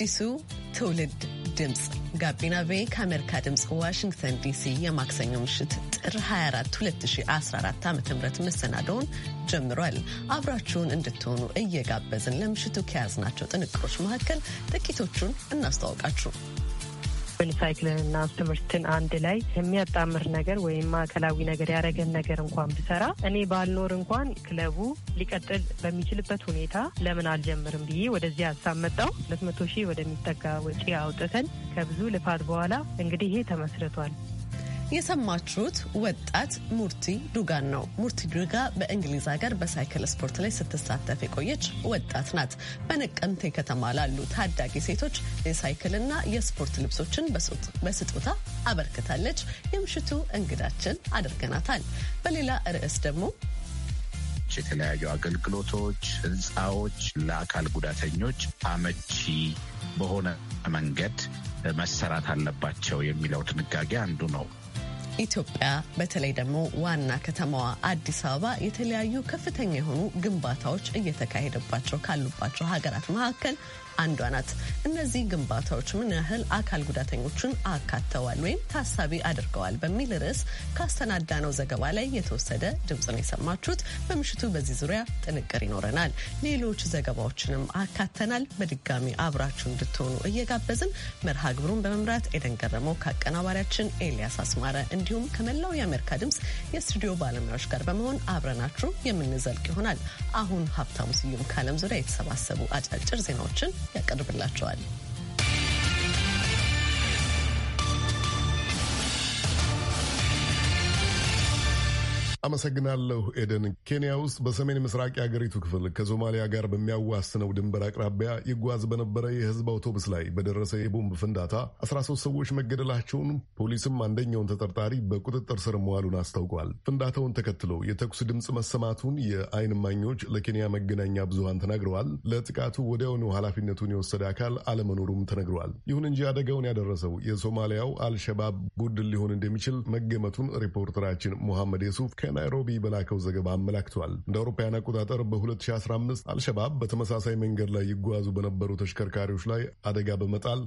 የአዲሱ ትውልድ ድምፅ ጋቢና ቤ ከአሜሪካ ድምፅ ዋሽንግተን ዲሲ የማክሰኞ ምሽት ጥር 24 2014 ዓ ም መሰናደውን ጀምሯል። አብራችሁን እንድትሆኑ እየጋበዝን ለምሽቱ ከያዝናቸው ጥንቅሮች መካከል ጥቂቶቹን እናስተዋውቃችሁ። ሳይክልንና ትምህርትን አንድ ላይ የሚያጣምር ነገር ወይም ማዕከላዊ ነገር ያደረገን ነገር እንኳን ብሰራ እኔ ባልኖር እንኳን ክለቡ ሊቀጥል በሚችልበት ሁኔታ ለምን አልጀምርም ብዬ ወደዚህ ሀሳብ መጣው። ሁለት መቶ ሺህ ወደሚጠጋ ወጪ አውጥተን ከብዙ ልፋት በኋላ እንግዲህ ይሄ ተመስርቷል። የሰማችሁት ወጣት ሙርቲ ዱጋን ነው። ሙርቲ ዱጋ በእንግሊዝ ሀገር በሳይክል ስፖርት ላይ ስትሳተፍ የቆየች ወጣት ናት። በነቀምቴ ከተማ ላሉ ታዳጊ ሴቶች የሳይክልና የስፖርት ልብሶችን በስጦታ አበርክታለች። የምሽቱ እንግዳችን አድርገናታል። በሌላ ርዕስ ደግሞ የተለያዩ አገልግሎቶች፣ ህንፃዎች ለአካል ጉዳተኞች አመቺ በሆነ መንገድ መሰራት አለባቸው የሚለው ድንጋጌ አንዱ ነው። ኢትዮጵያ በተለይ ደግሞ ዋና ከተማዋ አዲስ አበባ የተለያዩ ከፍተኛ የሆኑ ግንባታዎች እየተካሄደባቸው ካሉባቸው ሀገራት መካከል አንዷ ናት። እነዚህ ግንባታዎች ምን ያህል አካል ጉዳተኞችን አካተዋል ወይም ታሳቢ አድርገዋል በሚል ርዕስ ካስተናዳነው ዘገባ ላይ የተወሰደ ነው የሰማችሁት። በምሽቱ በዚህ ዙሪያ ጥንቅር ይኖረናል። ሌሎች ዘገባዎችንም አካተናል። በድጋሚ አብራችሁ እንድትሆኑ እየጋበዝን መርሃ ግብሩን በመምራት ኤደን ገረመው ከአቀናባሪያችን ኤልያስ አስማረ እንዲሁም ከመላው የአሜሪካ ድምፅ የስቱዲዮ ባለሙያዎች ጋር በመሆን አብረናችሁ የምንዘልቅ ይሆናል። አሁን ሀብታሙ ስዩም ከዓለም ዙሪያ የተሰባሰቡ አጫጭር ዜናዎችን ያቀርብላቸዋል። አመሰግናለሁ ኤደን። ኬንያ ውስጥ በሰሜን ምስራቅ የአገሪቱ ክፍል ከሶማሊያ ጋር በሚያዋስነው ድንበር አቅራቢያ ይጓዝ በነበረ የህዝብ አውቶቡስ ላይ በደረሰ የቦምብ ፍንዳታ 13 ሰዎች መገደላቸውን ፖሊስም አንደኛውን ተጠርጣሪ በቁጥጥር ስር መዋሉን አስታውቋል። ፍንዳታውን ተከትሎ የተኩስ ድምፅ መሰማቱን የአይን ማኞች ለኬንያ መገናኛ ብዙሃን ተናግረዋል። ለጥቃቱ ወዲያውኑ ኃላፊነቱን የወሰደ አካል አለመኖሩም ተነግረዋል። ይሁን እንጂ አደጋውን ያደረሰው የሶማሊያው አልሸባብ ቡድን ሊሆን እንደሚችል መገመቱን ሪፖርተራችን ሙሐመድ የሱፍ ከናይሮቢ በላከው ዘገባ አመላክቷል። እንደ አውሮፓውያን አቆጣጠር በ2015 አልሸባብ በተመሳሳይ መንገድ ላይ ይጓዙ በነበሩ ተሽከርካሪዎች ላይ አደጋ በመጣል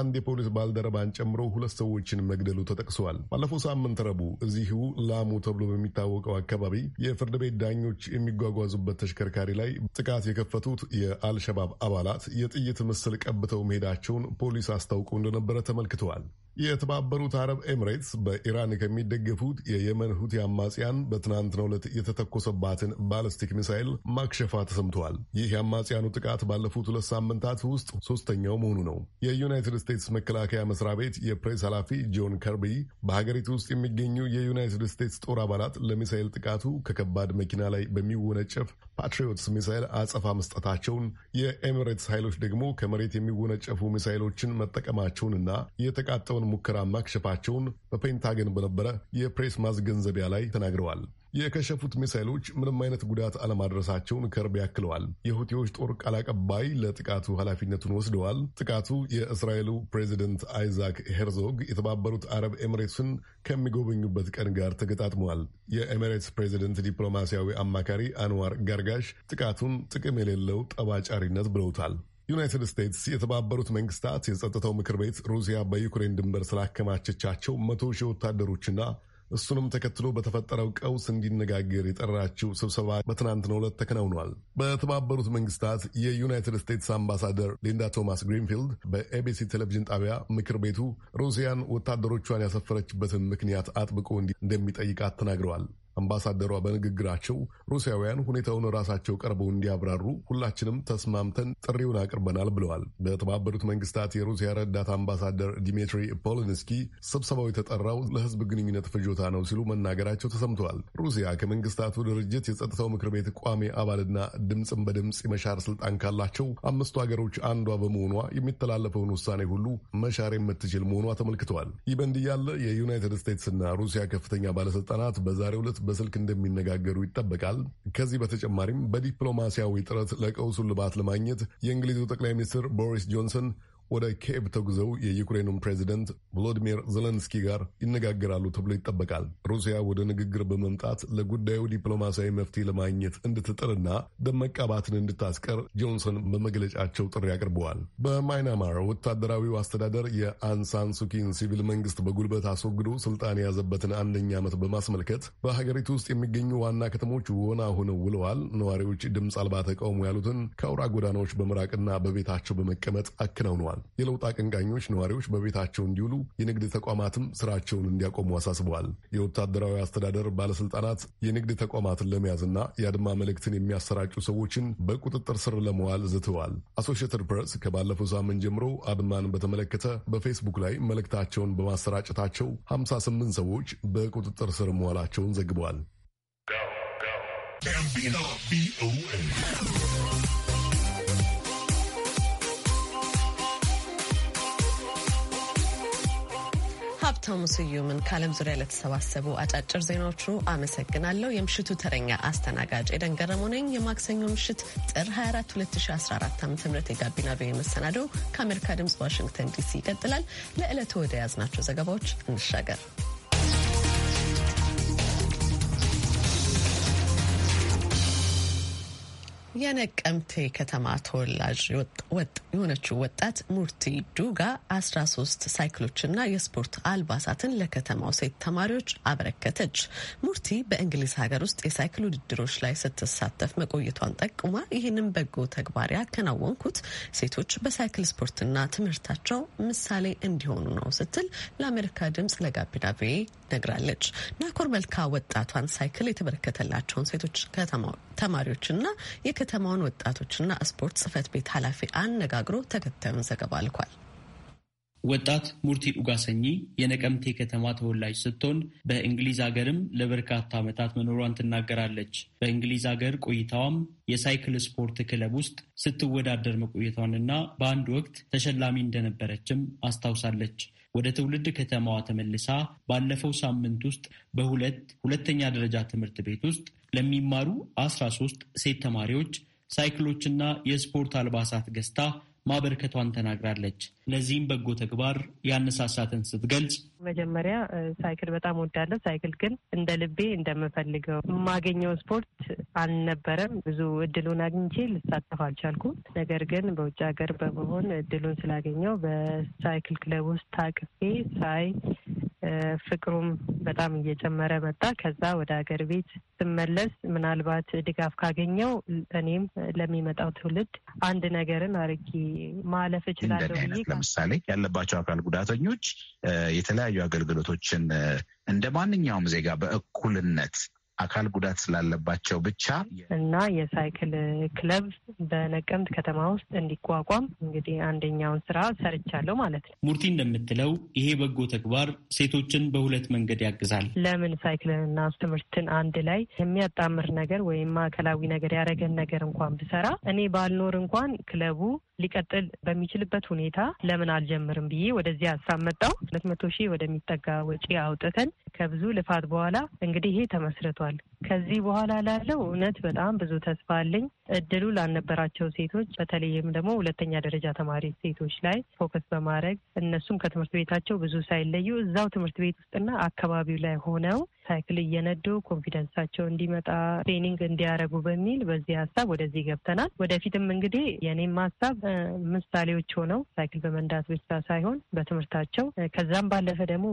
አንድ የፖሊስ ባልደረባን ጨምሮ ሁለት ሰዎችን መግደሉ ተጠቅሰዋል። ባለፈው ሳምንት ረቡዕ እዚሁ ላሙ ተብሎ በሚታወቀው አካባቢ የፍርድ ቤት ዳኞች የሚጓጓዙበት ተሽከርካሪ ላይ ጥቃት የከፈቱት የአልሸባብ አባላት የጥይት ምስል ቀብተው መሄዳቸውን ፖሊስ አስታውቆ እንደነበረ ተመልክተዋል። የተባበሩት አረብ ኤምሬትስ በኢራን ከሚደገፉት የየመን ሁቲ አማጽያን በትናንትናው ዕለት የተተኮሰባትን ባለስቲክ ሚሳይል ማክሸፋ ተሰምተዋል። ይህ የአማጽያኑ ጥቃት ባለፉት ሁለት ሳምንታት ውስጥ ሶስተኛው መሆኑ ነው። የዩናይትድ ስቴትስ መከላከያ መስሪያ ቤት የፕሬስ ኃላፊ ጆን ከርቢ በሀገሪቱ ውስጥ የሚገኙ የዩናይትድ ስቴትስ ጦር አባላት ለሚሳይል ጥቃቱ ከከባድ መኪና ላይ በሚወነጨፍ ፓትሪዮትስ ሚሳይል አጸፋ መስጠታቸውን፣ የኤምሬትስ ኃይሎች ደግሞ ከመሬት የሚወነጨፉ ሚሳይሎችን መጠቀማቸውንና የተቃጠውን ሙከራ ማክሸፋቸውን በፔንታገን በነበረ የፕሬስ ማስገንዘቢያ ላይ ተናግረዋል። የከሸፉት ሚሳይሎች ምንም አይነት ጉዳት አለማድረሳቸውን ከርብ ያክለዋል። የሁቲዎች ጦር ቃል አቀባይ ለጥቃቱ ኃላፊነቱን ወስደዋል። ጥቃቱ የእስራኤሉ ፕሬዚደንት አይዛክ ሄርዞግ የተባበሩት አረብ ኤምሬትስን ከሚጎበኙበት ቀን ጋር ተገጣጥመዋል። የኤምሬትስ ፕሬዚደንት ዲፕሎማሲያዊ አማካሪ አንዋር ጋርጋሽ ጥቃቱን ጥቅም የሌለው ጠባጫሪነት ብለውታል። ዩናይትድ ስቴትስ የተባበሩት መንግስታት የጸጥታው ምክር ቤት ሩሲያ በዩክሬን ድንበር ስላከማቸቻቸው መቶ ሺህ ወታደሮችና እሱንም ተከትሎ በተፈጠረው ቀውስ እንዲነጋገር የጠራችው ስብሰባ በትናንትናው ዕለት ተከናውኗል። በተባበሩት መንግስታት የዩናይትድ ስቴትስ አምባሳደር ሊንዳ ቶማስ ግሪንፊልድ በኤቢሲ ቴሌቪዥን ጣቢያ ምክር ቤቱ ሩሲያን ወታደሮቿን ያሰፈረችበትን ምክንያት አጥብቆ እንደሚጠይቃት ተናግረዋል። አምባሳደሯ በንግግራቸው ሩሲያውያን ሁኔታውን ራሳቸው ቀርበው እንዲያብራሩ ሁላችንም ተስማምተን ጥሪውን አቅርበናል ብለዋል። በተባበሩት መንግስታት የሩሲያ ረዳት አምባሳደር ዲሚትሪ ፖሊንስኪ ስብሰባው የተጠራው ለህዝብ ግንኙነት ፍጆታ ነው ሲሉ መናገራቸው ተሰምተዋል። ሩሲያ ከመንግስታቱ ድርጅት የጸጥታው ምክር ቤት ቋሚ አባልና ድምፅን በድምፅ የመሻር ስልጣን ካላቸው አምስቱ ሀገሮች አንዷ በመሆኗ የሚተላለፈውን ውሳኔ ሁሉ መሻር የምትችል መሆኗ ተመልክተዋል። ይህ በእንዲህ ያለ የዩናይትድ ስቴትስና ሩሲያ ከፍተኛ ባለስልጣናት በዛሬው ዕለት በስልክ እንደሚነጋገሩ ይጠበቃል። ከዚህ በተጨማሪም በዲፕሎማሲያዊ ጥረት ለቀውሱ ልባት ለማግኘት የእንግሊዙ ጠቅላይ ሚኒስትር ቦሪስ ጆንሰን ወደ ኬብ ተጉዘው የዩክሬኑን ፕሬዚደንት ቮሎዲሚር ዘለንስኪ ጋር ይነጋገራሉ ተብሎ ይጠበቃል። ሩሲያ ወደ ንግግር በመምጣት ለጉዳዩ ዲፕሎማሲያዊ መፍትሄ ለማግኘት እንድትጥርና ደም መቃባትን እንድታስቀር ጆንሰን በመግለጫቸው ጥሪ አቅርበዋል። በማይናማር ወታደራዊው አስተዳደር የአንሳን ሱኪን ሲቪል መንግስት በጉልበት አስወግዶ ስልጣን የያዘበትን አንደኛ ዓመት በማስመልከት በሀገሪቱ ውስጥ የሚገኙ ዋና ከተሞች ወና ሆነው ውለዋል። ነዋሪዎች ድምፅ አልባ ተቃውሞ ያሉትን ከአውራ ጎዳናዎች በምራቅና በቤታቸው በመቀመጥ አከናውነዋል። ተናግረዋል። የለውጥ አቀንቃኞች ነዋሪዎች በቤታቸው እንዲውሉ፣ የንግድ ተቋማትም ስራቸውን እንዲያቆሙ አሳስበዋል። የወታደራዊ አስተዳደር ባለስልጣናት የንግድ ተቋማትን ለመያዝና የአድማ መልእክትን የሚያሰራጩ ሰዎችን በቁጥጥር ስር ለመዋል ዝተዋል። አሶሽትድ ፕሬስ ከባለፈው ሳምንት ጀምሮ አድማን በተመለከተ በፌስቡክ ላይ መልእክታቸውን በማሰራጨታቸው 58 ሰዎች በቁጥጥር ስር መዋላቸውን ዘግበዋል። ሀብታሙ ስዩምን ከዓለም ዙሪያ ለተሰባሰቡ አጫጭር ዜናዎቹ አመሰግናለሁ። የምሽቱ ተረኛ አስተናጋጅ ኤደን ገረሙ ነኝ። የማክሰኞ ምሽት ጥር 24 2014 ዓ ም የጋቢና ቪኦኤ መሰናደው ከአሜሪካ ድምፅ ዋሽንግተን ዲሲ ይቀጥላል። ለዕለቱ ወደ ያዝናቸው ዘገባዎች እንሻገር። የነቀምቴ ከተማ ተወላጅ የሆነችው ወጣት ሙርቲ ዱጋ አስራ ሶስት ሳይክሎችና የስፖርት አልባሳትን ለከተማው ሴት ተማሪዎች አበረከተች። ሙርቲ በእንግሊዝ ሀገር ውስጥ የሳይክል ውድድሮች ላይ ስትሳተፍ መቆየቷን ጠቁማ ይህንን በጎ ተግባር ያከናወንኩት ሴቶች በሳይክል ስፖርትና ትምህርታቸው ምሳሌ እንዲሆኑ ነው ስትል ለአሜሪካ ድምጽ ለጋቢና ቪኦኤ ነግራለች። ናኮር መልካ ወጣቷን ሳይክል የተበረከተላቸውን ሴቶች ከተማ ተማሪዎችና የከተማውን ወጣቶችና ስፖርት ጽህፈት ቤት ኃላፊ አነጋግሮ ተከታዩን ዘገባ አልኳል። ወጣት ሙርቲ ኡጋሰኚ የነቀምቴ ከተማ ተወላጅ ስትሆን በእንግሊዝ ሀገርም ለበርካታ ዓመታት መኖሯን ትናገራለች። በእንግሊዝ ሀገር ቆይታዋም የሳይክል ስፖርት ክለብ ውስጥ ስትወዳደር መቆየቷንና በአንድ ወቅት ተሸላሚ እንደነበረችም አስታውሳለች። ወደ ትውልድ ከተማዋ ተመልሳ ባለፈው ሳምንት ውስጥ በሁለት ሁለተኛ ደረጃ ትምህርት ቤት ውስጥ ለሚማሩ አስራ ሶስት ሴት ተማሪዎች ሳይክሎችና የስፖርት አልባሳት ገዝታ ማበርከቷን ተናግራለች። ለዚህም በጎ ተግባር ያነሳሳትን ስትገልጽ መጀመሪያ ሳይክል በጣም ወዳለሁ። ሳይክል ግን እንደ ልቤ እንደምፈልገው የማገኘው ስፖርት አልነበረም። ብዙ እድሉን አግኝቼ ልሳተፍ አልቻልኩም። ነገር ግን በውጭ ሀገር በመሆን እድሉን ስላገኘው በሳይክል ክለብ ውስጥ ታቅፌ ሳይ ፍቅሩም በጣም እየጨመረ መጣ። ከዛ ወደ ሀገር ቤት ስመለስ ምናልባት ድጋፍ ካገኘው እኔም ለሚመጣው ትውልድ አንድ ነገርን አርጌ ማለፍ እችላለሁ ለምሳሌ ያለባቸው አካል ጉዳተኞች የተለያዩ አገልግሎቶችን እንደ ማንኛውም ዜጋ በእኩልነት አካል ጉዳት ስላለባቸው ብቻ እና የሳይክል ክለብ በነቀምት ከተማ ውስጥ እንዲቋቋም እንግዲህ አንደኛውን ስራ ሰርቻለሁ ማለት ነው። ሙርቲ እንደምትለው ይሄ በጎ ተግባር ሴቶችን በሁለት መንገድ ያግዛል። ለምን ሳይክልንና ትምህርትን አንድ ላይ የሚያጣምር ነገር ወይም ማዕከላዊ ነገር ያደረገን ነገር እንኳን ብሰራ እኔ ባልኖር እንኳን ክለቡ ሊቀጥል በሚችልበት ሁኔታ ለምን አልጀምርም ብዬ ወደዚህ ሀሳብ መጣው። ሁለት መቶ ሺህ ወደሚጠጋ ወጪ አውጥተን ከብዙ ልፋት በኋላ እንግዲህ ይሄ ተመስርቷል። ከዚህ በኋላ ላለው እውነት በጣም ብዙ ተስፋ አለኝ። እድሉ ላልነበራቸው ሴቶች በተለይም ደግሞ ሁለተኛ ደረጃ ተማሪ ሴቶች ላይ ፎከስ በማድረግ እነሱም ከትምህርት ቤታቸው ብዙ ሳይለዩ እዛው ትምህርት ቤት ውስጥና አካባቢው ላይ ሆነው ሳይክል እየነዱ ኮንፊደንሳቸው እንዲመጣ ትሬኒንግ እንዲያደርጉ በሚል በዚህ ሀሳብ ወደዚህ ገብተናል። ወደፊትም እንግዲህ የኔም ሀሳብ ምሳሌዎች ሆነው ሳይክል በመንዳት ብቻ ሳይሆን በትምህርታቸው ከዛም ባለፈ ደግሞ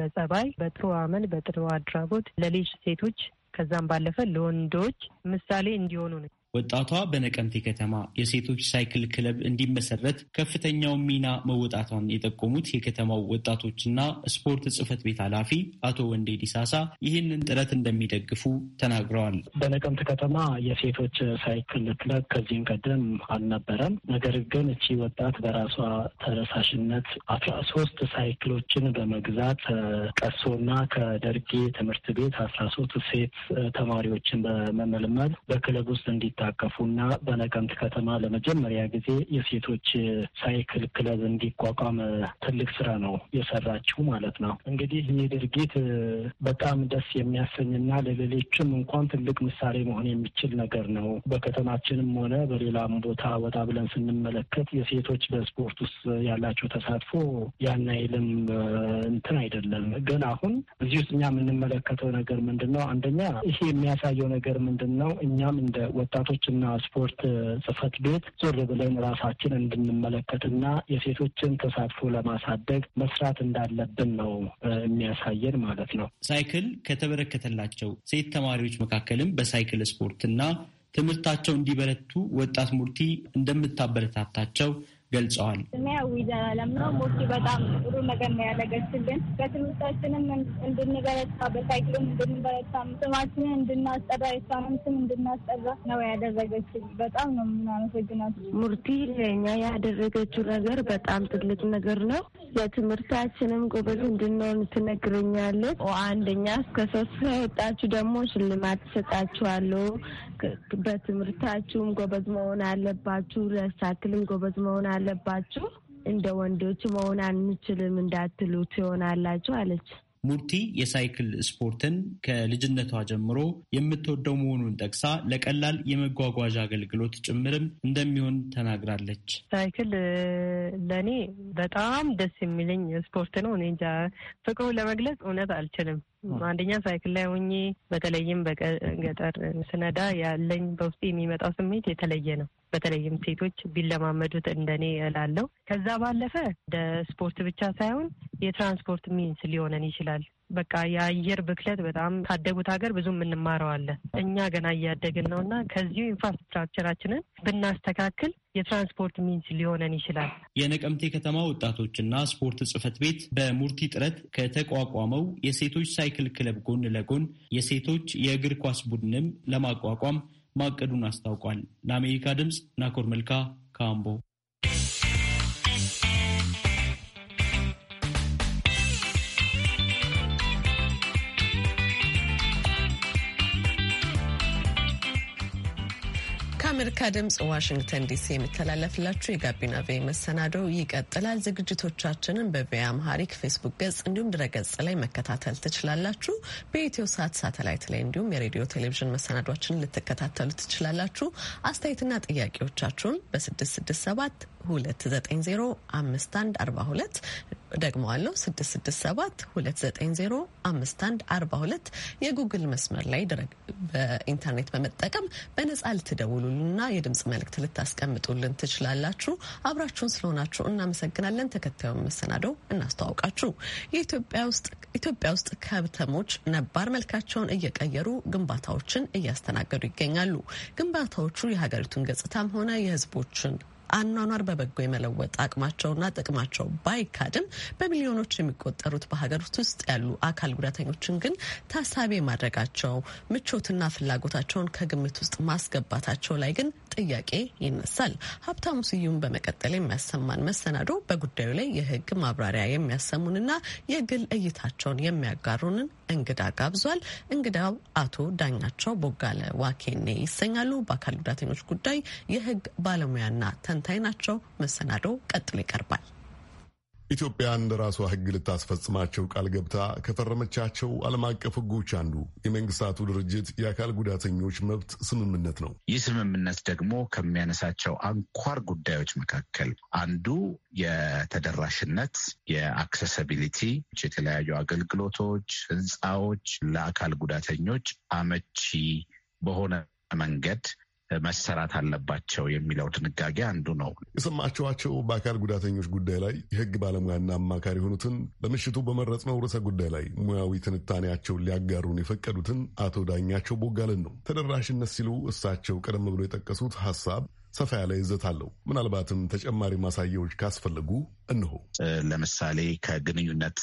በጸባይ፣ በጥሩ አመል፣ በጥሩ አድራጎት ለሌሽ ሴቶች ከዛም ባለፈ ለወንዶች ምሳሌ እንዲሆኑ ነው። ወጣቷ በነቀምቴ ከተማ የሴቶች ሳይክል ክለብ እንዲመሰረት ከፍተኛውን ሚና መወጣቷን የጠቆሙት የከተማው ወጣቶችና ስፖርት ጽህፈት ቤት ኃላፊ አቶ ወንዴ ዲሳሳ ይህንን ጥረት እንደሚደግፉ ተናግረዋል። በነቀምት ከተማ የሴቶች ሳይክል ክለብ ከዚህም ቀደም አልነበረም። ነገር ግን እቺ ወጣት በራሷ ተነሳሽነት አስራ ሶስት ሳይክሎችን በመግዛት ቀሶና ከደርጌ ትምህርት ቤት አስራ ሶስት ሴት ተማሪዎችን በመመልመል በክለብ ውስጥ እንዲታ እንዲሳተፉና በነቀምት ከተማ ለመጀመሪያ ጊዜ የሴቶች ሳይክል ክለብ እንዲቋቋም ትልቅ ስራ ነው የሰራችው ማለት ነው። እንግዲህ ይህ ድርጊት በጣም ደስ የሚያሰኝና ለሌሎችም እንኳን ትልቅ ምሳሌ መሆን የሚችል ነገር ነው። በከተማችንም ሆነ በሌላም ቦታ ወጣ ብለን ስንመለከት የሴቶች በስፖርት ውስጥ ያላቸው ተሳትፎ ያን አይልም እንትን አይደለም። ግን አሁን እዚህ ውስጥ እኛ የምንመለከተው ነገር ምንድን ነው? አንደኛ ይሄ የሚያሳየው ነገር ምንድን ነው? እኛም እንደ ወጣት የሴቶችና ስፖርት ጽህፈት ቤት ዞር ብለን ራሳችን እንድንመለከትና የሴቶችን ተሳትፎ ለማሳደግ መስራት እንዳለብን ነው የሚያሳየን ማለት ነው። ሳይክል ከተበረከተላቸው ሴት ተማሪዎች መካከልም በሳይክል ስፖርትና ትምህርታቸው እንዲበረቱ ወጣት ሙርቲ እንደምታበረታታቸው ገልጸዋል። ሚያዊ ዘላለም ነው። ሞኪ በጣም ጥሩ ነገር ነው ያደረገችልን። በትምህርታችንም እንድንበረታ በሳይክልም እንድንበረታ ስማችንን እንድናስጠራ የሷንም ስም እንድናስጠራ ነው ያደረገችል። በጣም ነው የምናመሰግናት። ሙርቲ ለእኛ ያደረገችው ነገር በጣም ትልቅ ነገር ነው። ለትምህርታችንም ጎበዝ እንድንሆን ትነግረኛለች። አንደኛ እስከ ሶስት ከወጣችሁ ደግሞ ሽልማት ትሰጣችኋለሁ። በትምህርታችሁም ጎበዝ መሆን አለባችሁ። ለሳይክልም ጎበዝ መሆን አለባችሁ፣ እንደ ወንዶች መሆን አንችልም እንዳትሉ ትሆናላችሁ አለች። ሙርቲ የሳይክል ስፖርትን ከልጅነቷ ጀምሮ የምትወደው መሆኑን ጠቅሳ ለቀላል የመጓጓዣ አገልግሎት ጭምርም እንደሚሆን ተናግራለች። ሳይክል ለእኔ በጣም ደስ የሚለኝ ስፖርት ነው። እኔ እንጃ ፍቅሩ ለመግለጽ እውነት አልችልም። አንደኛ ሳይክል ላይ ሆኜ በተለይም በገጠር ስነዳ ያለኝ በውስጥ የሚመጣው ስሜት የተለየ ነው። በተለይም ሴቶች ቢለማመዱት እንደኔ እላለሁ። ከዛ ባለፈ እንደ ስፖርት ብቻ ሳይሆን የትራንስፖርት ሚንስ ሊሆነን ይችላል። በቃ የአየር ብክለት በጣም ካደጉት ሀገር ብዙ የምንማረው አለ። እኛ ገና እያደግን ነው እና ከዚሁ ኢንፍራስትራክቸራችንን ብናስተካክል የትራንስፖርት ሚንስ ሊሆነን ይችላል። የነቀምቴ ከተማ ወጣቶችና ስፖርት ጽህፈት ቤት በሙርቲ ጥረት ከተቋቋመው የሴቶች ሳይክል ክለብ ጎን ለጎን የሴቶች የእግር ኳስ ቡድንም ለማቋቋም ማቀዱን አስታውቋል። ለአሜሪካ ድምፅ ናኮር መልካ ካምቦ ከአሜሪካ ድምፅ ዋሽንግተን ዲሲ የሚተላለፍላችሁ የጋቢና ቬ መሰናዶው ይቀጥላል። ዝግጅቶቻችንን በቪያ መሀሪክ ፌስቡክ ገጽ እንዲሁም ድረገጽ ላይ መከታተል ትችላላችሁ። በኢትዮ ሳት ሳተላይት ላይ እንዲሁም የሬዲዮ ቴሌቪዥን መሰናዷችንን ልትከታተሉ ትችላላችሁ። አስተያየትና ጥያቄዎቻችሁን በ 6672 ደግመዋለሁ 667 290 5142 የጉግል መስመር ላይ በኢንተርኔት በመጠቀም በነጻ ልትደውሉልንና የድምጽ መልእክት ልታስቀምጡልን ትችላላችሁ። አብራችሁን ስለሆናችሁ እናመሰግናለን። ተከታዩን መሰናደው እናስተዋውቃችሁ። ኢትዮጵያ ውስጥ ከብተሞች ነባር መልካቸውን እየቀየሩ ግንባታዎችን እያስተናገዱ ይገኛሉ። ግንባታዎቹ የሀገሪቱን ገጽታም ሆነ የህዝቦችን አኗኗር በበጎ የመለወጥ አቅማቸውና ጥቅማቸው ባይካድም በሚሊዮኖች የሚቆጠሩት በሀገር ውስጥ ያሉ አካል ጉዳተኞችን ግን ታሳቢ ማድረጋቸው ምቾትና ፍላጎታቸውን ከግምት ውስጥ ማስገባታቸው ላይ ግን ጥያቄ ይነሳል። ሀብታሙ ስዩም በመቀጠል የሚያሰማን መሰናዶ በጉዳዩ ላይ የህግ ማብራሪያ የሚያሰሙንና የግል እይታቸውን የሚያጋሩንን እንግዳ ጋብዟል። እንግዳው አቶ ዳኛቸው ቦጋለ ዋኬኔ ይሰኛሉ። በአካል ጉዳተኞች ጉዳይ የህግ ባለሙያና ተ ፈንታይ ናቸው። መሰናዶ ቀጥሎ ይቀርባል። ኢትዮጵያ እንደ ራሷ ሕግ ልታስፈጽማቸው ቃል ገብታ ከፈረመቻቸው ዓለም አቀፍ ሕጎች አንዱ የመንግስታቱ ድርጅት የአካል ጉዳተኞች መብት ስምምነት ነው። ይህ ስምምነት ደግሞ ከሚያነሳቸው አንኳር ጉዳዮች መካከል አንዱ የተደራሽነት፣ የአክሰሰቢሊቲ የተለያዩ አገልግሎቶች፣ ህንፃዎች ለአካል ጉዳተኞች አመቺ በሆነ መንገድ መሰራት አለባቸው የሚለው ድንጋጌ አንዱ ነው። የሰማችኋቸው በአካል ጉዳተኞች ጉዳይ ላይ የህግ ባለሙያና አማካሪ የሆኑትን ለምሽቱ ነው ርዕሰ ጉዳይ ላይ ሙያዊ ትንታኔያቸውን ሊያጋሩን የፈቀዱትን አቶ ዳኛቸው ቦጋልን ነው። ተደራሽነት ሲሉ እሳቸው ቀደም ብሎ የጠቀሱት ሀሳብ ሰፋ ያለ ይዘት አለው። ምናልባትም ተጨማሪ ማሳያዎች ካስፈለጉ እንሆ ለምሳሌ ከግንኙነት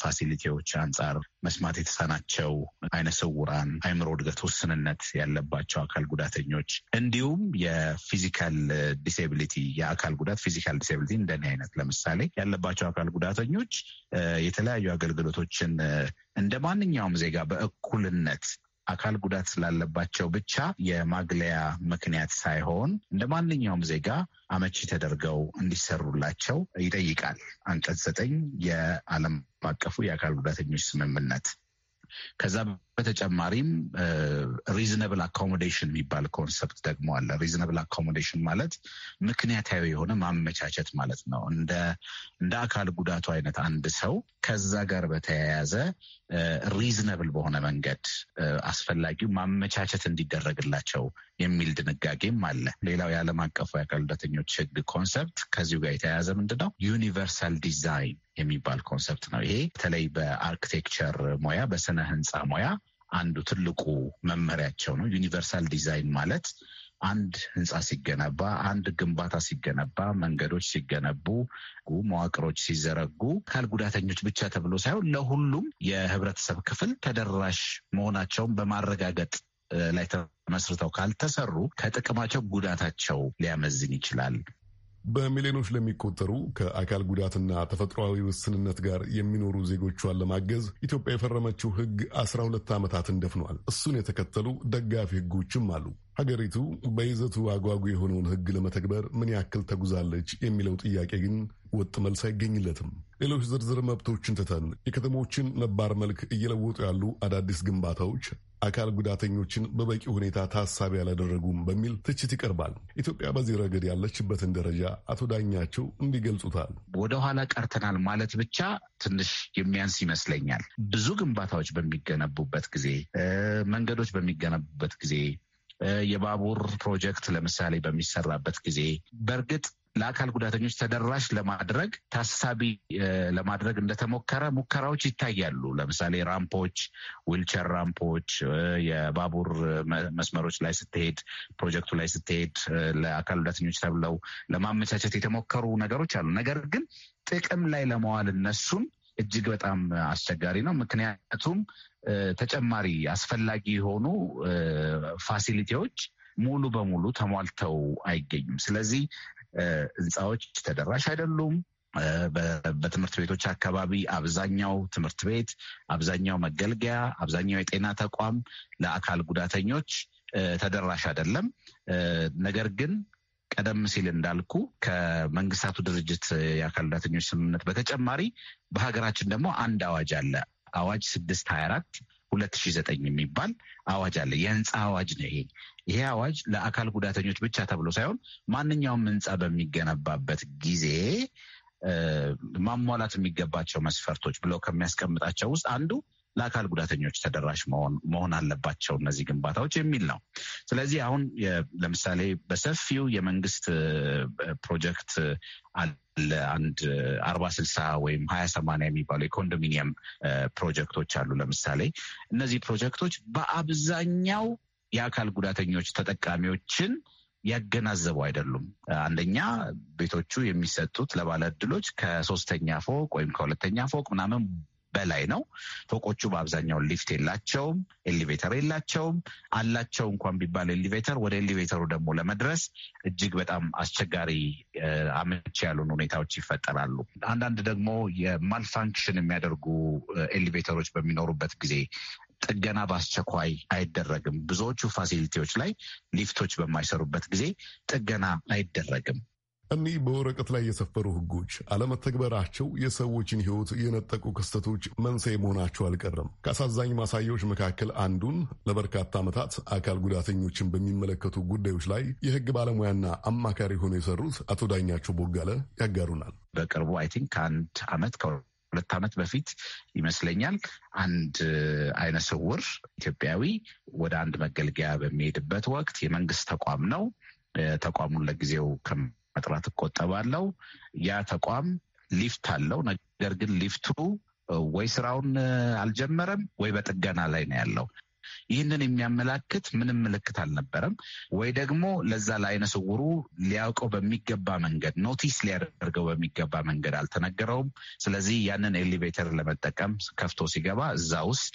ፋሲሊቲዎች አንጻር መስማት የተሳናቸው፣ አይነ ስውራን፣ አይምሮ እድገት ውስንነት ያለባቸው አካል ጉዳተኞች እንዲሁም የፊዚካል ዲስኤቢሊቲ የአካል ጉዳት ፊዚካል ዲስኤቢሊቲ እንደኔ አይነት ለምሳሌ ያለባቸው አካል ጉዳተኞች የተለያዩ አገልግሎቶችን እንደ ማንኛውም ዜጋ በእኩልነት አካል ጉዳት ስላለባቸው ብቻ የማግለያ ምክንያት ሳይሆን እንደ ማንኛውም ዜጋ አመቺ ተደርገው እንዲሰሩላቸው ይጠይቃል አንቀጽ ዘጠኝ የዓለም አቀፉ የአካል ጉዳተኞች ስምምነት ከዛ በተጨማሪም ሪዝነብል አኮሞዴሽን የሚባል ኮንሰፕት ደግሞ አለ። ሪዝነብል አኮሞዴሽን ማለት ምክንያታዊ የሆነ ማመቻቸት ማለት ነው። እንደ አካል ጉዳቱ አይነት አንድ ሰው ከዛ ጋር በተያያዘ ሪዝነብል በሆነ መንገድ አስፈላጊው ማመቻቸት እንዲደረግላቸው የሚል ድንጋጌም አለ። ሌላው የዓለም አቀፉ የአካል ጉዳተኞች ሕግ ኮንሰፕት ከዚሁ ጋር የተያያዘ ምንድነው ዩኒቨርሳል ዲዛይን የሚባል ኮንሰፕት ነው። ይሄ በተለይ በአርክቴክቸር ሙያ፣ በስነ ህንፃ ሙያ አንዱ ትልቁ መመሪያቸው ነው። ዩኒቨርሳል ዲዛይን ማለት አንድ ህንፃ ሲገነባ፣ አንድ ግንባታ ሲገነባ፣ መንገዶች ሲገነቡ፣ መዋቅሮች ሲዘረጉ አካል ጉዳተኞች ብቻ ተብሎ ሳይሆን ለሁሉም የህብረተሰብ ክፍል ተደራሽ መሆናቸውን በማረጋገጥ ላይ ተመስርተው ካልተሰሩ ከጥቅማቸው ጉዳታቸው ሊያመዝን ይችላል። በሚሊዮኖች ለሚቆጠሩ ከአካል ጉዳትና ተፈጥሯዊ ውስንነት ጋር የሚኖሩ ዜጎቿን ለማገዝ ኢትዮጵያ የፈረመችው ሕግ አስራ ሁለት ዓመታትን ደፍኗል። እሱን የተከተሉ ደጋፊ ሕጎችም አሉ። ሀገሪቱ በይዘቱ አጓጉ የሆነውን ሕግ ለመተግበር ምን ያክል ተጉዛለች የሚለው ጥያቄ ግን ወጥ መልስ አይገኝለትም። ሌሎች ዝርዝር መብቶችን ትተን የከተሞችን ነባር መልክ እየለወጡ ያሉ አዳዲስ ግንባታዎች አካል ጉዳተኞችን በበቂ ሁኔታ ታሳቢ አላደረጉም በሚል ትችት ይቀርባል። ኢትዮጵያ በዚህ ረገድ ያለችበትን ደረጃ አቶ ዳኛቸው እንዲገልጹታል። ወደኋላ ቀርተናል ማለት ብቻ ትንሽ የሚያንስ ይመስለኛል። ብዙ ግንባታዎች በሚገነቡበት ጊዜ፣ መንገዶች በሚገነቡበት ጊዜ የባቡር ፕሮጀክት ለምሳሌ በሚሰራበት ጊዜ በእርግጥ ለአካል ጉዳተኞች ተደራሽ ለማድረግ ታሳቢ ለማድረግ እንደተሞከረ ሙከራዎች ይታያሉ። ለምሳሌ ራምፖች፣ ዊልቸር ራምፖች፣ የባቡር መስመሮች ላይ ስትሄድ፣ ፕሮጀክቱ ላይ ስትሄድ ለአካል ጉዳተኞች ተብለው ለማመቻቸት የተሞከሩ ነገሮች አሉ። ነገር ግን ጥቅም ላይ ለመዋል እነሱን እጅግ በጣም አስቸጋሪ ነው። ምክንያቱም ተጨማሪ አስፈላጊ የሆኑ ፋሲሊቲዎች ሙሉ በሙሉ ተሟልተው አይገኙም። ስለዚህ ህንፃዎች ተደራሽ አይደሉም። በትምህርት ቤቶች አካባቢ አብዛኛው ትምህርት ቤት፣ አብዛኛው መገልገያ፣ አብዛኛው የጤና ተቋም ለአካል ጉዳተኞች ተደራሽ አይደለም። ነገር ግን ቀደም ሲል እንዳልኩ ከመንግስታቱ ድርጅት የአካል ጉዳተኞች ስምምነት በተጨማሪ በሀገራችን ደግሞ አንድ አዋጅ አለ። አዋጅ ስድስት ሀያ አራት ሁለት ሺ ዘጠኝ የሚባል አዋጅ አለ። የህንፃ አዋጅ ነው ይሄ። ይሄ አዋጅ ለአካል ጉዳተኞች ብቻ ተብሎ ሳይሆን ማንኛውም ህንፃ በሚገነባበት ጊዜ ማሟላት የሚገባቸው መስፈርቶች ብለው ከሚያስቀምጣቸው ውስጥ አንዱ ለአካል ጉዳተኞች ተደራሽ መሆን አለባቸው እነዚህ ግንባታዎች የሚል ነው። ስለዚህ አሁን ለምሳሌ በሰፊው የመንግስት ፕሮጀክት አለ። ለአንድ አርባ ስልሳ ወይም ሀያ ሰማንያ የሚባሉ የኮንዶሚኒየም ፕሮጀክቶች አሉ። ለምሳሌ እነዚህ ፕሮጀክቶች በአብዛኛው የአካል ጉዳተኞች ተጠቃሚዎችን ያገናዘቡ አይደሉም። አንደኛ ቤቶቹ የሚሰጡት ለባለ እድሎች ከሶስተኛ ፎቅ ወይም ከሁለተኛ ፎቅ ምናምን በላይ ነው። ፎቆቹ በአብዛኛው ሊፍት የላቸውም፣ ኤሊቬተር የላቸውም። አላቸው እንኳን ቢባል ኤሊቬተር ወደ ኤሊቬተሩ ደግሞ ለመድረስ እጅግ በጣም አስቸጋሪ አመቺ ያሉን ሁኔታዎች ይፈጠራሉ። አንዳንድ ደግሞ የማልፋንክሽን የሚያደርጉ ኤሊቬተሮች በሚኖሩበት ጊዜ ጥገና በአስቸኳይ አይደረግም። ብዙዎቹ ፋሲሊቲዎች ላይ ሊፍቶች በማይሰሩበት ጊዜ ጥገና አይደረግም። እኒህ በወረቀት ላይ የሰፈሩ ህጎች አለመተግበራቸው የሰዎችን ህይወት የነጠቁ ክስተቶች መንስኤ መሆናቸው አልቀረም። ከአሳዛኝ ማሳያዎች መካከል አንዱን ለበርካታ ዓመታት አካል ጉዳተኞችን በሚመለከቱ ጉዳዮች ላይ የህግ ባለሙያና አማካሪ ሆኖ የሰሩት አቶ ዳኛቸው ቦጋለ ያጋሩናል። በቅርቡ አይ ቲንክ ከአንድ ዓመት ሁለት ዓመት በፊት ይመስለኛል አንድ አይነ ስውር ኢትዮጵያዊ ወደ አንድ መገልገያ በሚሄድበት ወቅት የመንግስት ተቋም ነው ተቋሙን ለጊዜው እጥረት እቆጠባለው። ያ ተቋም ሊፍት አለው። ነገር ግን ሊፍቱ ወይ ስራውን አልጀመረም ወይ በጥገና ላይ ነው ያለው። ይህንን የሚያመላክት ምንም ምልክት አልነበረም። ወይ ደግሞ ለዛ ለአይነ ስውሩ ሊያውቀው በሚገባ መንገድ ኖቲስ ሊያደርገው በሚገባ መንገድ አልተነገረውም። ስለዚህ ያንን ኤሊቬተር ለመጠቀም ከፍቶ ሲገባ እዛ ውስጥ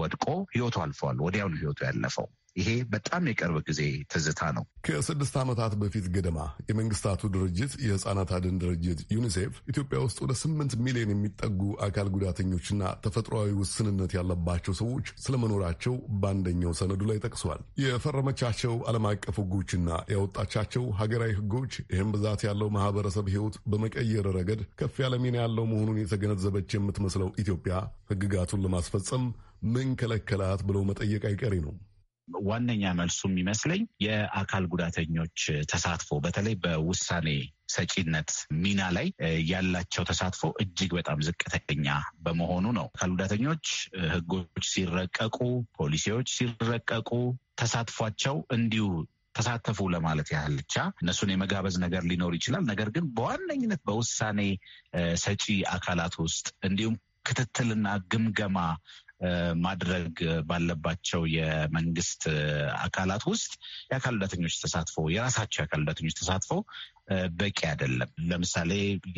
ወድቆ ህይወቱ አልፈዋል። ወዲያውኑ ህይወቱ ያለፈው ይሄ በጣም የቅርብ ጊዜ ትዝታ ነው። ከስድስት ዓመታት በፊት ገደማ የመንግስታቱ ድርጅት የህፃናት አድን ድርጅት ዩኒሴፍ ኢትዮጵያ ውስጥ ወደ ስምንት ሚሊዮን የሚጠጉ አካል ጉዳተኞችና ተፈጥሯዊ ውስንነት ያለባቸው ሰዎች ስለመኖራቸው በአንደኛው ሰነዱ ላይ ጠቅሷል። የፈረመቻቸው ዓለም አቀፍ ህጎችና ያወጣቻቸው ሀገራዊ ህጎች ይህም ብዛት ያለው ማህበረሰብ ህይወት በመቀየር ረገድ ከፍ ያለ ሚና ያለው መሆኑን የተገነዘበች የምትመስለው ኢትዮጵያ ህግጋቱን ለማስፈጸም ምን ከለከላት ብለው መጠየቅ አይቀሬ ነው። ዋነኛ መልሱ የሚመስለኝ የአካል ጉዳተኞች ተሳትፎ በተለይ በውሳኔ ሰጪነት ሚና ላይ ያላቸው ተሳትፎ እጅግ በጣም ዝቅተኛ በመሆኑ ነው። አካል ጉዳተኞች ሕጎች ሲረቀቁ፣ ፖሊሲዎች ሲረቀቁ ተሳትፏቸው እንዲሁ ተሳተፉ ለማለት ያህል ብቻ እነሱን የመጋበዝ ነገር ሊኖር ይችላል። ነገር ግን በዋነኝነት በውሳኔ ሰጪ አካላት ውስጥ እንዲሁም ክትትልና ግምገማ ማድረግ ባለባቸው የመንግስት አካላት ውስጥ የአካል ጉዳተኞች ተሳትፎ የራሳቸው የአካል ጉዳተኞች ተሳትፎ በቂ አይደለም። ለምሳሌ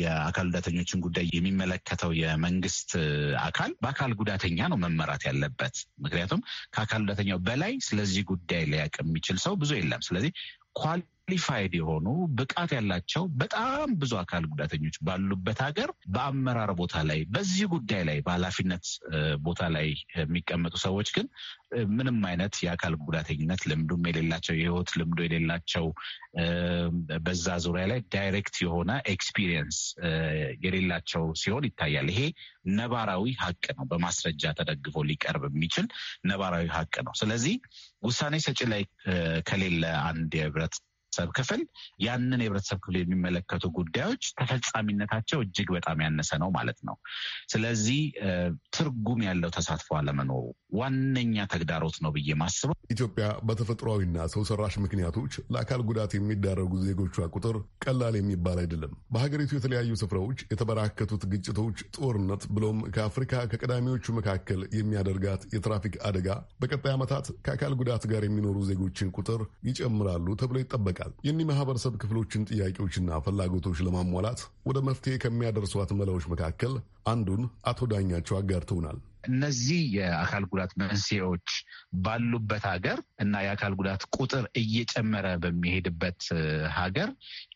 የአካል ጉዳተኞችን ጉዳይ የሚመለከተው የመንግስት አካል በአካል ጉዳተኛ ነው መመራት ያለበት። ምክንያቱም ከአካል ጉዳተኛው በላይ ስለዚህ ጉዳይ ሊያቅ የሚችል ሰው ብዙ የለም። ስለዚህ ኳል ኳሊፋይድ የሆኑ ብቃት ያላቸው በጣም ብዙ አካል ጉዳተኞች ባሉበት ሀገር በአመራር ቦታ ላይ በዚህ ጉዳይ ላይ በኃላፊነት ቦታ ላይ የሚቀመጡ ሰዎች ግን ምንም አይነት የአካል ጉዳተኝነት ልምዱም የሌላቸው የህይወት ልምዶ የሌላቸው በዛ ዙሪያ ላይ ዳይሬክት የሆነ ኤክስፒሪየንስ የሌላቸው ሲሆን ይታያል። ይሄ ነባራዊ ሀቅ ነው። በማስረጃ ተደግፎ ሊቀርብ የሚችል ነባራዊ ሀቅ ነው። ስለዚህ ውሳኔ ሰጪ ላይ ከሌለ አንድ የህብረት ሰብ ክፍል ያንን የህብረተሰብ ክፍል የሚመለከቱ ጉዳዮች ተፈጻሚነታቸው እጅግ በጣም ያነሰ ነው ማለት ነው። ስለዚህ ትርጉም ያለው ተሳትፎ አለመኖሩ ዋነኛ ተግዳሮት ነው ብዬ ማስበው። ኢትዮጵያ በተፈጥሯዊና ሰው ሰራሽ ምክንያቶች ለአካል ጉዳት የሚዳረጉ ዜጎቿ ቁጥር ቀላል የሚባል አይደለም። በሀገሪቱ የተለያዩ ስፍራዎች የተበራከቱት ግጭቶች፣ ጦርነት ብሎም ከአፍሪካ ከቀዳሚዎቹ መካከል የሚያደርጋት የትራፊክ አደጋ በቀጣይ ዓመታት ከአካል ጉዳት ጋር የሚኖሩ ዜጎችን ቁጥር ይጨምራሉ ተብሎ ይጠበቃል። የኒህ ማህበረሰብ ክፍሎችን ጥያቄዎችና ፍላጎቶች ለማሟላት ወደ መፍትሄ ከሚያደርሷት መላዎች መካከል አንዱን አቶ ዳኛቸው አጋርተውናል። እነዚህ የአካል ጉዳት መንስኤዎች ባሉበት ሀገር እና የአካል ጉዳት ቁጥር እየጨመረ በሚሄድበት ሀገር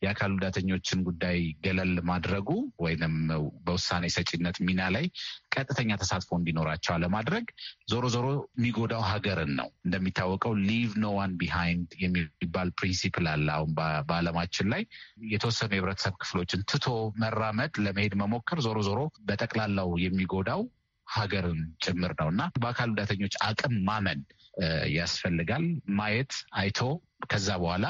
የአካል ጉዳተኞችን ጉዳይ ገለል ማድረጉ ወይም በውሳኔ ሰጪነት ሚና ላይ ቀጥተኛ ተሳትፎ እንዲኖራቸው ለማድረግ ዞሮ ዞሮ የሚጎዳው ሀገርን ነው። እንደሚታወቀው ሊቭ ኖ ዋን ቢሃይንድ የሚባል ፕሪንሲፕል አለ። አሁን በዓለማችን ላይ የተወሰኑ የህብረተሰብ ክፍሎችን ትቶ መራመድ ለመሄድ መሞከር ዞሮ ዞሮ በጠቅላላው የሚጎዳው ሀገርን ጭምር ነው እና በአካል ጉዳተኞች አቅም ማመን ያስፈልጋል። ማየት አይቶ ከዛ በኋላ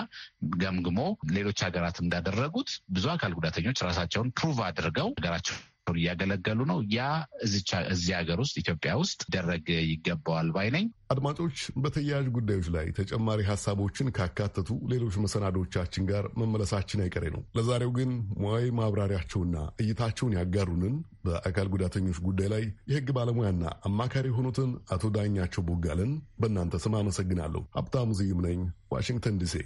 ገምግሞ ሌሎች ሀገራት እንዳደረጉት ብዙ አካል ጉዳተኞች ራሳቸውን ፕሩቭ አድርገው ሀገራቸው እያገለገሉ ነው። ያ እዚህ ሀገር ውስጥ ኢትዮጵያ ውስጥ ደረግ ይገባዋል ባይ ነኝ። አድማጮች፣ በተያያዥ ጉዳዮች ላይ ተጨማሪ ሀሳቦችን ካካተቱ ሌሎች መሰናዶቻችን ጋር መመለሳችን አይቀሬ ነው። ለዛሬው ግን ሙያዊ ማብራሪያቸውና እይታቸውን ያጋሩንን በአካል ጉዳተኞች ጉዳይ ላይ የሕግ ባለሙያና አማካሪ የሆኑትን አቶ ዳኛቸው ቦጋለን በእናንተ ስም አመሰግናለሁ። ሀብታሙ ዝይም ነኝ፣ ዋሽንግተን ዲሲ።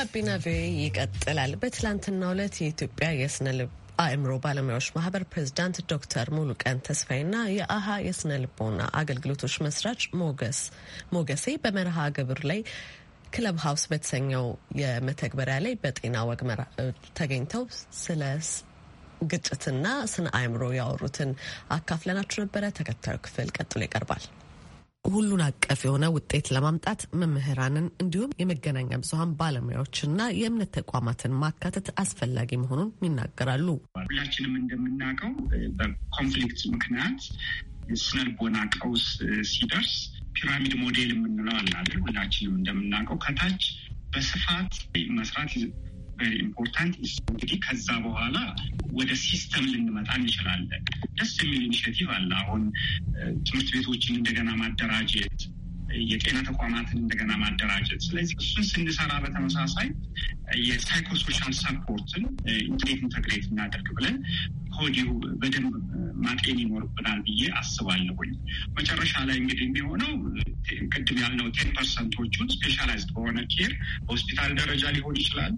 ጋቢና ቪኦኤ ይቀጥላል። በትላንትናው ዕለት የኢትዮጵያ የስነ ልብ አእምሮ ባለሙያዎች ማህበር ፕሬዚዳንት ዶክተር ሙሉቀን ተስፋዬና የአሀ የስነ ልቦና አገልግሎቶች መስራች ሞገስ ሞገሴ በመርሃ ግብር ላይ ክለብ ሀውስ በተሰኘው የመተግበሪያ ላይ በጤና ወግ ተገኝተው ስለ ግጭትና ስነ አእምሮ ያወሩትን አካፍለናችሁ ነበረ። ተከታዩ ክፍል ቀጥሎ ይቀርባል። ሁሉን አቀፍ የሆነ ውጤት ለማምጣት መምህራንን እንዲሁም የመገናኛ ብዙኃን ባለሙያዎችና የእምነት ተቋማትን ማካተት አስፈላጊ መሆኑን ይናገራሉ። ሁላችንም እንደምናውቀው በኮንፍሊክት ምክንያት ስነልቦና ቀውስ ሲደርስ ፒራሚድ ሞዴል የምንለው አለ። ሁላችንም እንደምናውቀው ከታች በስፋት መስራት ኢምፖርታንት እንግዲህ ከዛ በኋላ ወደ ሲስተም ልንመጣ እንችላለን። ደስ የሚል ኢኒሽቲቭ አለ። አሁን ትምህርት ቤቶችን እንደገና ማደራጀት የጤና ተቋማትን እንደገና ማደራጀት። ስለዚህ እሱን ስንሰራ በተመሳሳይ የሳይኮሶሻል ሰፖርትን ኢንትሬት ኢንተግሬት እናደርግ ብለን ከወዲሁ በደንብ ማጤን ይኖርብናል ብዬ አስባለሁኝ። መጨረሻ ላይ እንግዲህ የሚሆነው ቅድም ያልነው ቴን ፐርሰንቶቹን ስፔሻላይዝድ በሆነ ኬር በሆስፒታል ደረጃ ሊሆን ይችላል፣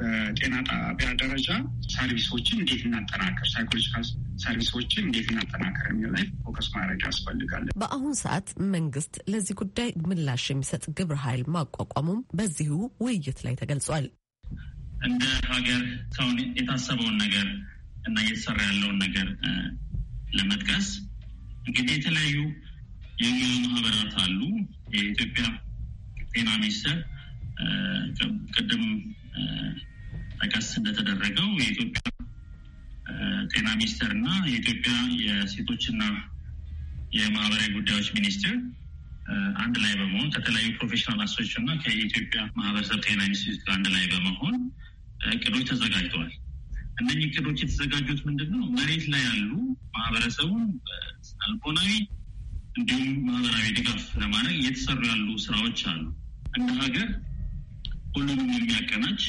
በጤና ጣቢያ ደረጃ ሰርቪሶችን እንዴት እናጠናከር፣ ሳይኮሎጂካል ሰርቪሶችን እንዴት እናጠናከር የሚል ላይ ፎከስ ማድረግ ያስፈልጋል። በአሁን ሰዓት መንግስት ለዚህ ጉዳይ ምላሽ የሚሰጥ ግብረ ኃይል ማቋቋሙም በዚሁ ውይይት ላይ ተገልጿል። እንደ ሀገር ሰውን የታሰበውን ነገር እና እየተሰራ ያለውን ነገር ለመጥቀስ እንግዲህ የተለያዩ የሙያ ማህበራት አሉ። የኢትዮጵያ ጤና ሚኒስቴር ቅድም ጠቀስ እንደተደረገው የኢትዮጵያ ጤና ሚኒስቴር እና የኢትዮጵያ የሴቶችና የማህበራዊ ጉዳዮች ሚኒስቴር አንድ ላይ በመሆን ከተለያዩ ፕሮፌሽናል አሶች እና ከኢትዮጵያ ማህበረሰብ ጤና ኢንስቲትዩት አንድ ላይ በመሆን እቅዶች ተዘጋጅተዋል። እነኚህ እቅዶች የተዘጋጁት ምንድን ነው? መሬት ላይ ያሉ ማህበረሰቡን አልቦናዊ እንዲሁም ማህበራዊ ድጋፍ ለማድረግ እየተሰሩ ያሉ ስራዎች አሉ። እንደ ሀገር ሁሉንም የሚያቀናጅ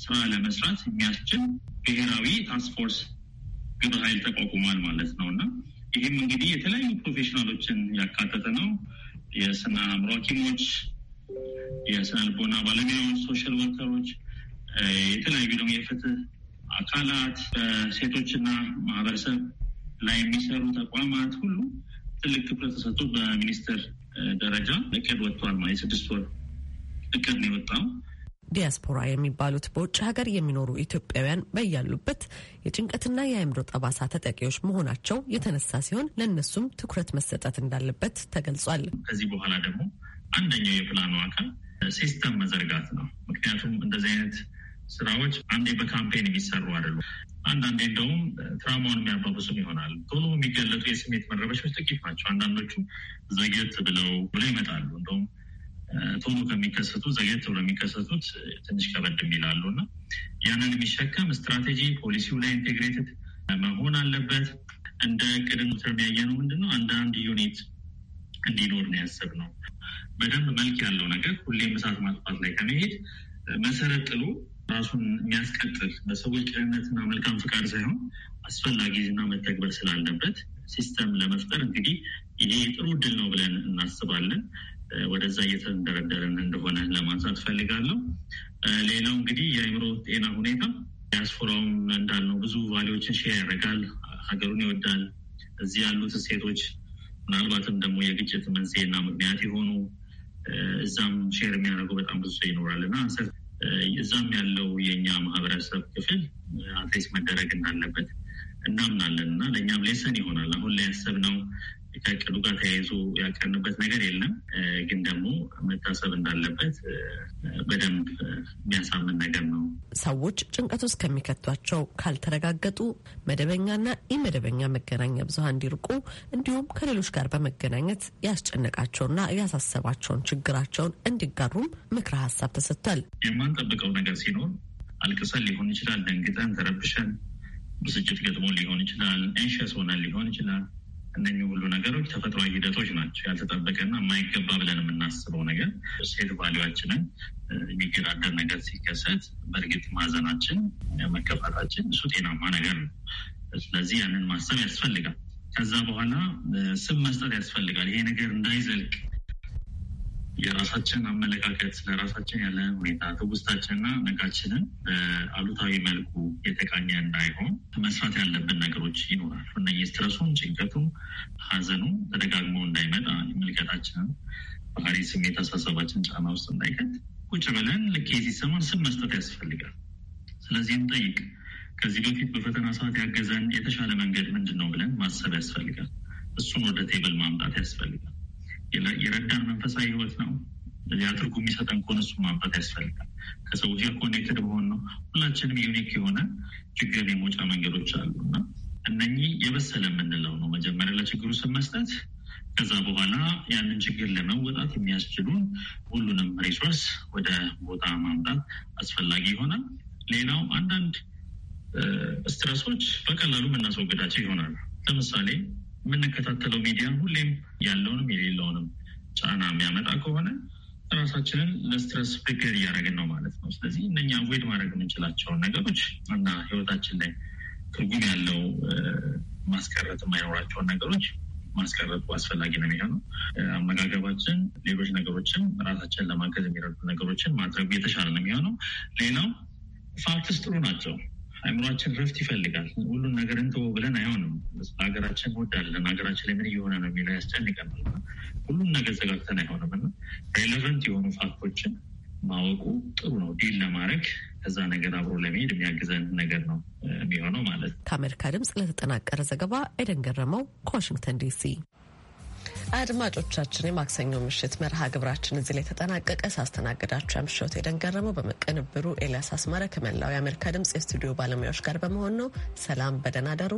ስራ ለመስራት የሚያስችል ብሔራዊ ታስክፎርስ ፎርስ ግብረ ኃይል ተቋቁሟል ማለት ነው እና ይህም እንግዲህ የተለያዩ ፕሮፌሽናሎችን ያካተተ ነው። የስነ አእምሮ ሐኪሞች፣ የስነ ልቦና ባለሙያዎች፣ ሶሻል ወርከሮች፣ የተለያዩ ደግሞ የፍትህ አካላት፣ ሴቶችና ማህበረሰብ ላይ የሚሰሩ ተቋማት ሁሉ ትልቅ ትኩረት ተሰጥቶ በሚኒስቴር ደረጃ እቅድ ወጥቷል። የስድስት ወር እቅድ ነው የወጣው። ዲያስፖራ የሚባሉት በውጭ ሀገር የሚኖሩ ኢትዮጵያውያን በያሉበት የጭንቀትና የአእምሮ ጠባሳ ተጠቂዎች መሆናቸው የተነሳ ሲሆን ለእነሱም ትኩረት መሰጠት እንዳለበት ተገልጿል። ከዚህ በኋላ ደግሞ አንደኛው የፕላኑ አካል ሲስተም መዘርጋት ነው። ምክንያቱም እንደዚህ አይነት ስራዎች አንዴ በካምፔን የሚሰሩ አይደሉ። አንዳንዴ እንደውም ትራማውን የሚያባብሱም ይሆናል። ቶሎ የሚገለጡ የስሜት መረበሾች ጥቂት ናቸው። አንዳንዶቹ ዘግየት ብለው ብሎ ይመጣሉ። እንደውም ቶሎ ከሚከሰቱ ዘግየት ብሎ የሚከሰቱት ትንሽ ከበድ የሚላሉ እና ያንን የሚሸከም ስትራቴጂ ፖሊሲው ላይ ኢንቴግሬትድ መሆን አለበት። እንደ ቅድም ያየ ነው ነው አንዳንድ ዩኒት እንዲኖር ነው ያሰብ ነው። በደንብ መልክ ያለው ነገር ሁሌም እሳት ማጥፋት ላይ ከመሄድ መሰረት ጥሎ ራሱን የሚያስቀጥል በሰዎች ቅንነትና መልካም ፍቃድ ሳይሆን አስፈላጊ አስፈላጊና መተግበር ስላለበት ሲስተም ለመፍጠር እንግዲህ ይሄ ጥሩ እድል ነው ብለን እናስባለን። ወደዛ እየተንደረደረን እንደሆነ ለማንሳት ፈልጋለሁ። ሌላው እንግዲህ የአእምሮ ጤና ሁኔታ ዲያስፖራውን እንዳልነው ብዙ ቫሌዎችን ሼር ያደርጋል፣ ሀገሩን ይወዳል። እዚህ ያሉት እሴቶች ምናልባትም ደግሞ የግጭት መንስኤና ምክንያት የሆኑ እዛም ሼር የሚያደርገው በጣም ብዙ ሰው ይኖራል እና እዛም ያለው የእኛ ማህበረሰብ ክፍል አትሊስት መደረግ እንዳለበት እናምናለን እና ለእኛም ሌሰን ይሆናል። አሁን ላይ ያሰብነው ከእቅዱ ጋር ተያይዞ ያቀንበት ነገር የለም። ግን ደግሞ መታሰብ እንዳለበት በደንብ የሚያሳምን ነገር ነው። ሰዎች ጭንቀት ውስጥ ከሚከቷቸው ካልተረጋገጡ መደበኛና ኢመደበኛ መገናኛ ብዙሃን እንዲርቁ እንዲሁም ከሌሎች ጋር በመገናኘት ያስጨነቃቸውና ያሳሰባቸውን ችግራቸውን እንዲጋሩም ምክረ ሀሳብ ተሰጥቷል። የማንጠብቀው ነገር ሲኖር አልቅሰን ሊሆን ይችላል፣ ደንግጠን ተረብሸን ብስጭት ገጥሞ ሊሆን ይችላል፣ ኤንሸስ ሆነን ሊሆን ይችላል እነኚህ ሁሉ ነገሮች ተፈጥሯዊ ሂደቶች ናቸው። ያልተጠበቀና የማይገባ ብለን የምናስበው ነገር ሴት ቫሊዋችንን የሚገዳደር ነገር ሲከሰት በእርግጥ ማዘናችን፣ መከፋታችን እሱ ጤናማ ነገር ነው። ስለዚህ ያንን ማሰብ ያስፈልጋል። ከዛ በኋላ ስም መስጠት ያስፈልጋል። ይሄ ነገር እንዳይዘልቅ የራሳችን አመለካከት ለራሳችን ያለን ሁኔታ ትውስታችንና ነጋችንን በአሉታዊ መልኩ የተቃኘ እንዳይሆን መስራት ያለብን ነገሮች ይኖራል። እና የስትረሱም ጭንቀቱም ሀዘኑ ተደጋግሞ እንዳይመጣ ምልከታችንን ባህሪ፣ ስሜት፣ አሳሰባችን ጫና ውስጥ እንዳይከት ቁጭ ብለን ልክ ሲሰማን ስም መስጠት ያስፈልጋል። ስለዚህ ጠይቅ ከዚህ በፊት በፈተና ሰዓት ያገዘን የተሻለ መንገድ ምንድን ነው ብለን ማሰብ ያስፈልጋል። እሱን ወደ ቴብል ማምጣት ያስፈልጋል። የረዳን መንፈሳዊ ህይወት ነው። ያ ትርጉም የሚሰጠን ከሆነ እሱ ማንበት ያስፈልጋል። ከሰዎች ጋር ኮኔክትድ መሆን ነው። ሁላችንም ዩኒክ የሆነ ችግር የመውጫ መንገዶች አሉ እና እነኚህ የበሰለ የምንለው ነው። መጀመሪያ ለችግሩ ስመስጠት ከዛ በኋላ ያንን ችግር ለመወጣት የሚያስችሉን ሁሉንም ሪሶርስ ወደ ቦታ ማምጣት አስፈላጊ ይሆናል። ሌላው አንዳንድ ስትረሶች በቀላሉ የምናስወግዳቸው ይሆናል። ለምሳሌ የምንከታተለው ሚዲያ ሁሌም ያለውንም የሌለውንም ጫና የሚያመጣ ከሆነ ራሳችንን ለስትረስ ፍግር እያደረግን ነው ማለት ነው። ስለዚህ እነኛ ዌድ ማድረግ የምንችላቸውን ነገሮች እና ህይወታችን ላይ ትርጉም ያለው ማስቀረት የማይኖራቸውን ነገሮች ማስቀረቱ አስፈላጊ ነው የሚሆነው። አመጋገባችን፣ ሌሎች ነገሮችን ራሳችንን ለማገዝ የሚረዱ ነገሮችን ማድረጉ የተሻለ ነው የሚሆነው። ሌላው ፋክትስ ጥሩ ናቸው። አይምሯችን ረፍት ይፈልጋል። ሁሉን ነገር እንተወው ብለን አይሆንም። በሀገራችን እንወዳለን፣ ሀገራችን ላይ ምን እየሆነ ነው የሚለው ያስጨንቀናል። ሁሉን ነገር ዘጋግተን አይሆንም እና ሬሌቨንት የሆኑ ፋክቶችን ማወቁ ጥሩ ነው ዲል ለማድረግ ከዛ ነገር አብሮ ለመሄድ የሚያግዘን ነገር ነው የሚሆነው ማለት ነው። ከአሜሪካ ድምፅ ለተጠናቀረ ዘገባ ኤደን ገረመው ከዋሽንግተን ዲሲ አድማጮቻችን የማክሰኞ ምሽት መርሃ ግብራችን እዚህ ላይ ተጠናቀቀ። ሳስተናግዳችሁ ያምሽት የደን በመቀንብሩ ኤልያስ አስማረ ከመላው የአሜሪካ ድምጽ የስቱዲዮ ባለሙያዎች ጋር በመሆን ነው። ሰላም፣ በደህና ደሩ።